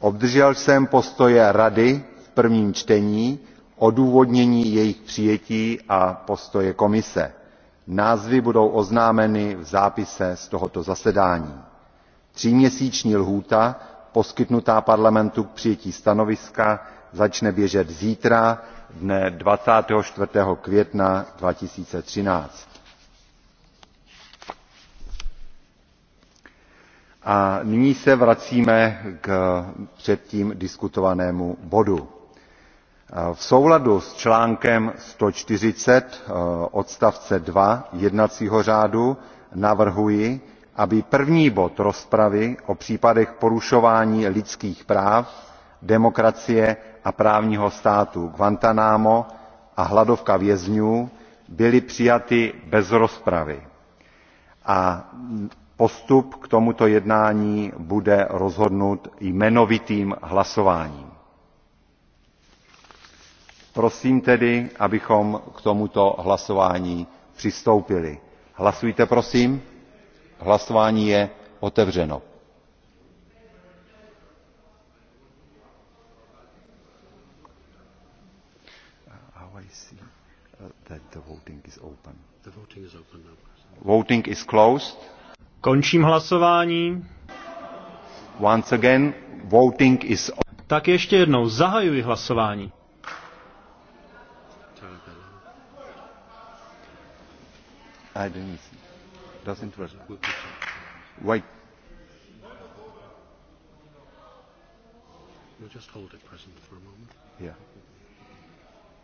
obdržel jsem postoje rady v prvním čtení odůvodnění jejich přijetí a postoje komise. názvy budou oznámeny v zápise z tohoto zasedání. tříměsíční lhůta poskytnutá parlamentu k přijetí stanoviska začne běžet zítra dne. twenty four května two thousand and thirteen a nyní se vracíme k předtím diskutovanému bodu. v souladu s článkem one hundred and forty odstavce two jednacího řádu navrhuji aby první bod rozpravy o případech porušování lidských práv demokracie a právního státu guantánamo a hladovka vězňů byly přijaty bez rozpravy a postup k tomuto jednání bude rozhodnut jmenovitým hlasováním. prosím tedy abychom k tomuto hlasování přistoupili. hlasujte prosím. hlasování je otevřeno. Uh, voting is closed. Končím hlasování. Once again, voting is... Tak ještě jednou zahajuji hlasování. I didn't see. Doesn't work. Wait. We'll just hold it present for a moment. Yeah.